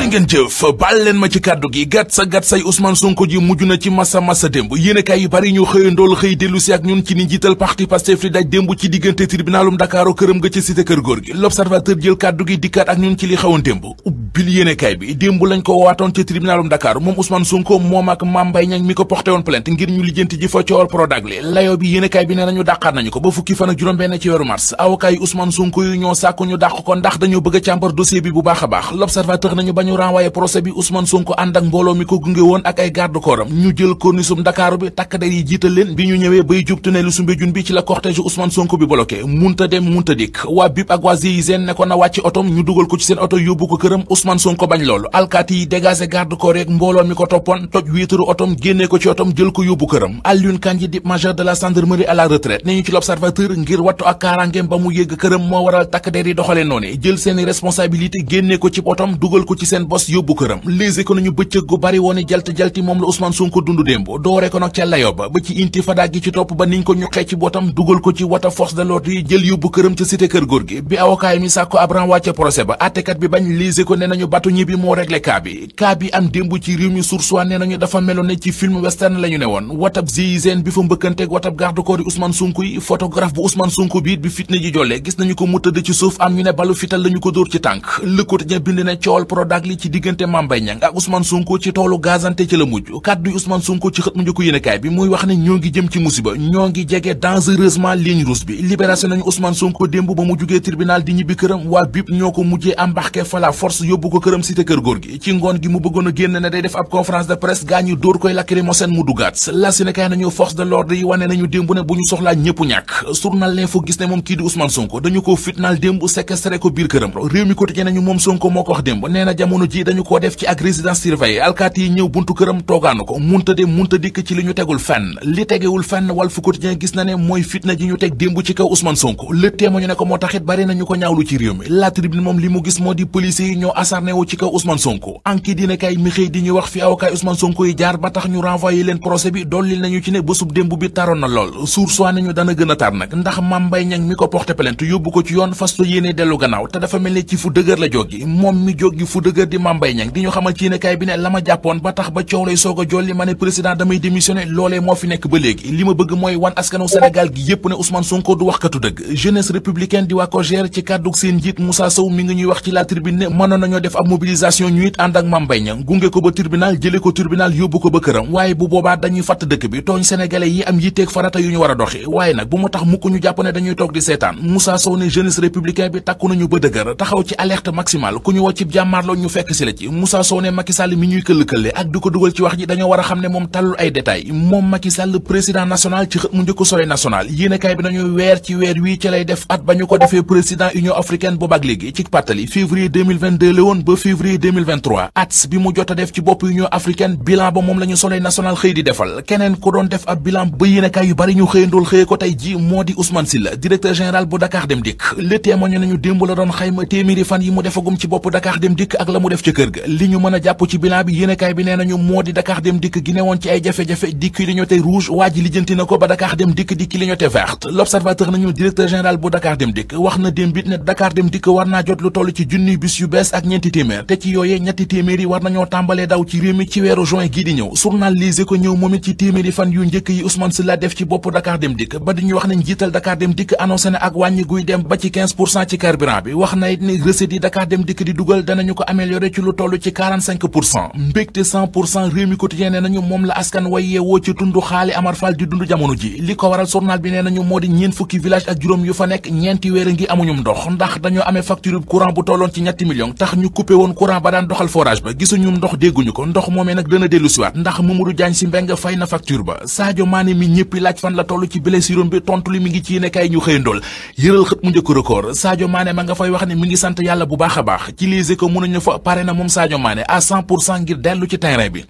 da ngeen jëf baal leen ma ci kàddu gi gat sa gàt say Ousmane Sonko ji mujj na ci masa masa démb yéenekaay yu bari ñu xëya ndool xëy dellu si ak ñun ci ni njiital parti Pastef li daj démb ci diggante tribunalum Dakaaru këram nga ci cité kër góor gi l'observateur jël kàddu gi dikkaat ak ñun ci li xewoon démb ubbil yéenekaay bi démb lañ ko waatoon ci tribunalum Dakar moom Ousmane Sonko moom ak Mame Mbaye Niang mi ko porté woon plainte ngir ñu bëgg a càmbar dossier bi bu baax a baax wax l'observateur nañu ba ñu renvoyé procès bi Ousmane Sonko ànd ak mbooloo mi ko gunge woon ak ay garde corps am ñu jël cornisum Dakar bi takk der yi jiitaleen bi ñu ñëwee bay jub tunnelu Soumbédioune bi ci la cortège Ousmane Sonko bi bloqué munta dem munta dikk waa bip ak waa GIGN ne ko na wàcc otom ñu dugal ko ci seen oto yóbbu ko këram Ousmane Sonko bañ loolu alkaati yi dégagé garde corps yeeg mbooloo mi ko toppoon toj wiitaru otom génne ko ci otom jël ko yóbbu këram Alioune Kandji dip major de la gendarmerie à la retraite ne ñu ci l'observateur ngir wattu ak kaarangem ba mu yëgg këram moo waral takk der yi doxalee noonu jël seeni responsabilité génnee ko ci ci botom dugal ko ci seen bos yóbbu këram léegi ko nañu bëccëg bi avocat yi mi sàkko ab renvoi ca ba àttekat bi bañ léegi ko ne nañu batu ñibbi moo réglé cas bi am démb ci réew mi source ne nañu dafa meloon ci film western la ne woon watab GIGN bi fa mbëkkanteeg watab garde corps yi yi photographe bu Ousmane Sonko bi bi fitna ji jolle gis nañu ko mu tëdd ci suuf am ñu ne balu fital lañu ko dóor ci tànk bind ne coowal Prodac li ci diggante Mame Mbaye Niang ak ci toolu gazante ci la mujj kàddu Ousmane Sonko ci xët mu njëkk yéenekaay bi muy wax ne ñoo ngi jëm ci musiba ñoo ngi jege dangereusement ligne rouge bi libération nañu Ousmane Sonko démb ba mu jugee tribunal di ñibbi këram waa BIP ñoo ko mujjee embarqué fa force yóbbu ko këram cité kër góor gi ci ngoon gi mu bëggoon génn ne day def ab conférence de presse gaa ñu dóor koy lacrymogène Sonko moo ko wax démb nee na jamono ji dañu koo def ci ak résidence surveillée alkaati yi ñëw buntu këram toogaanu ko munta dem munta dikk ci li ñu tegul fenn li tegewul fenn Walf Quotidien gis na ñu ne ko moo taxit bari na ko ñaawlu ci réew mi La Tribune moom li mu gis moo di policiers yi ñoo acharné ci kaw Ousmane Sonko enquête dina kay di ñuy wax fi avocat Ousmane Sonko yi jaar ba tax ñu renvoyé leen procès bi dolli nañu ci ne bésub démb bi taroon na moom mi jóg gi fu dëgër di mambay ñang di ñu xamal ci yéenekaay bi ne la ma jàppoon ba tax ba coow lay soog a jolli ma ne président damay démissionné loolee moo fi nekk ba léegi li ma bëgg mooy wan askanu Sénégal gi yépp ne Ousmane Sonko du waxkatu dëgg jeunesse républicaine di waa ko gère ci kàddug seen njiit Moussa Sow mi ngi ñuy wax ci la tribune ne mënoon def ab mobilisation ñu it ànd ak mambay ñang gunge ko ba tribunal jële ko tribunal yóbbu ko ba këram waaye bu boobaa dañuy fàtt dëkk bi tooñ sénégalais yi am yitteeg farata yu ñu war a waaye nag bu mu tax mukk ñu jàpp ne dañuy toog di seetaan Moussa Sow ne bi takku nañu ba dëgër taxaw ci alerte maximale ku ci jàmmaarloo ñu fekk ba ñu ko bi mu jot a def ci bopp Union africaine bilan ba moom la ñu soleil xëy di defal keneen ku doon def ab bilan ba yéenekaay yu bari ñu xëyandool xëye ko tey ji moo di Ousmane Sylla directeur général bu Dakar Dem Dikk le témoigne nañu démb la doon xayma téeméeri fan yi mu defagum ci bopp bopp Dakar dem dikk ak la mu def ca kër ga li ñu mën jàpp ci bilan bi yéenekaay bi nee nañu moo di Dakar dem dikk gi ci ay jafe-jafe di clignoté rouge waa ji lijjanti na ko ba Dakar dem dikk di clignoté verte l'observateur nañu directeur général bu Dakar dem dikk wax na dem bit ne Dakar dem dikk war naa jot lu toll ci junniy bis yu bees ak ñeenti téeméer te ci yooyee ñetti téeméer yi war nañoo tàmbalee daw ci réew mi ci weeru juin gii di ñëw journal lise na ak wàññi guy dem ba ci 15 pour cent ci carburant bi wax na it ni recette yi Dakar dem dikk di dugal danañu ko améliorer ci lu toll ci 45 pour réew mi quotidien nee nañu moom la askan way yeewoo ci tund xaali Amar Fall di dund jamono ji li ko waral journal bi nee nañu moo di ñeen fukki village ak juróom yu fa nekk ñeenti weer ngi amuñum ndox ndax dañoo amee facture courant bu tolloon ci ñetti millions tax ñu coupé woon courant ba daan doxal forage ba gisuñu ndox dégguñu ko ndox moomee nag dana dellu siwaat ndax Mamadou mu njëkk record Sadio Mané ma nga ci liise ko mun nañu fa pare na moom Sadio Mané à 100 pour cent ngir dellu ci terrain bi.